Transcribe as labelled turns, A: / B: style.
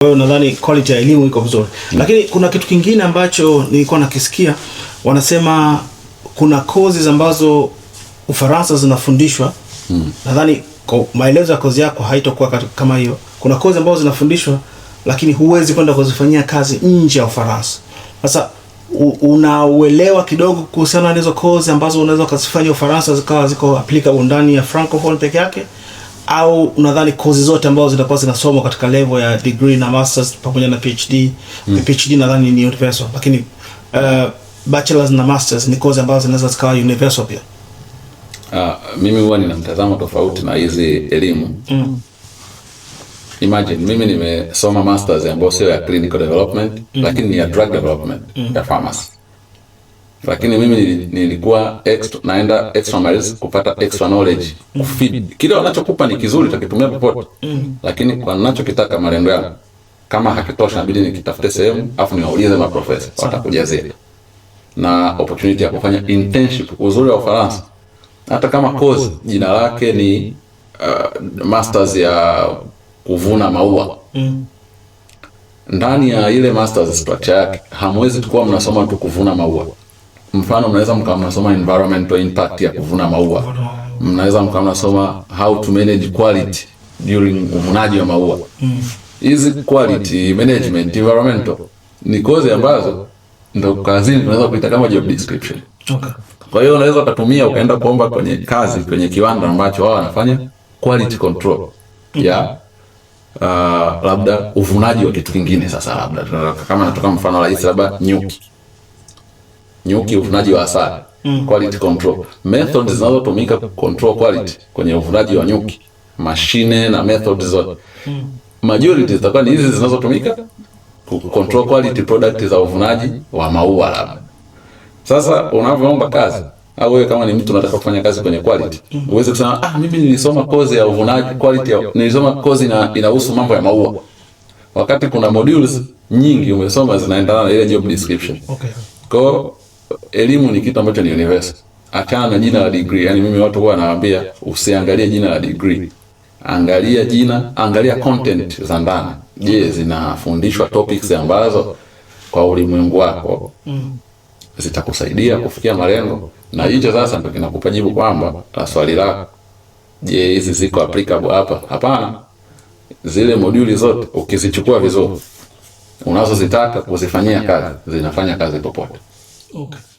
A: Kwa hiyo nadhani quality ya elimu iko vizuri mm. Lakini kuna kitu kingine ambacho nilikuwa nakisikia wanasema kuna courses ambazo Ufaransa zinafundishwa mm. Nadhani kwa maelezo ya kozi yako haitokuwa kama hiyo. Kuna kozi ambazo zinafundishwa lakini huwezi kwenda kuzifanyia kazi nje ya Ufaransa. Sasa unauelewa kidogo kuhusiana na hizo kozi ambazo unaweza ukazifanya Ufaransa zikawa ziko applicable ndani ya francophone peke yake? au unadhani kozi zote ambazo zitakuwa zinasomwa katika level ya degree na masters pamoja na PhD mm. PhD nadhani ni universal, lakini uh, bachelors na masters ni kozi ambazo zinaweza zikawa universal pia.
B: uh, mimi huwa nina mtazamo tofauti na hizi elimu mm. Imagine mimi nimesoma masters ambayo sio ya clinical development mm. lakini ni ya drug development mm. ya pharmacy lakini mimi nilikuwa extra, naenda extra miles kupata extra knowledge kufeed. Kile wanachokupa ni kizuri, utakitumia popote, lakini kwa ninachokitaka malengo yangu kama hakitosha, inabidi nikitafute sehemu afu niwaulize maprofesa, watakujazia na opportunity ya kufanya internship. Uzuri wa Ufaransa, hata kama course jina lake ni uh, masters ya kuvuna maua ndani ya ile masters structure yake hamwezi kuwa mnasoma tu kuvuna maua Mfano, mnaweza mkawa mnasoma environmental impact ya kuvuna maua, mnaweza mkawa mnasoma how to manage quality during uvunaji wa maua. Mm. Hizi quality management, environmental ni kozi ambazo ndo kazini tunaweza kuita kama job description. Kwa hiyo unaweza ukatumia ukaenda kuomba kwenye kazi kwenye kiwanda ambacho wao wanafanya quality control ya mm-hmm. uh, labda uvunaji wa kitu kingine. Sasa labda kama natoka mfano rahisi, labda nyuki nyuki, uvunaji wa asali mm. quality control methods zinazotumika control quality kwenye uvunaji wa nyuki, mashine na methods zote mm. majority zitakuwa ni hizi zinazotumika ku control quality product za uvunaji wa maua labda. Sasa unavyoomba kazi au wewe kama ni mtu unataka kufanya kazi kwenye quality, mm. uweze kusema ah, mimi nilisoma course ya uvunaji quality nilisoma course ina, inahusu mambo ya maua, wakati kuna modules nyingi umesoma zinaendana na ile job description. Okay. Kwa elimu ni kitu ambacho ni universal. Achana na jina la degree. Yaani mimi watu huwa nawaambia usiangalie jina la degree. Angalia jina, angalia content za ndani. Je, zinafundishwa topics ambazo kwa ulimwengu wako zitakusaidia kufikia malengo? Na hicho sasa ndio kinakupa jibu kwamba la swali lako, je, hizi ziko applicable hapa? Hapana. Zile moduli zote ukizichukua vizuri unazozitaka kuzifanyia kazi zinafanya kazi popote.
A: Okay.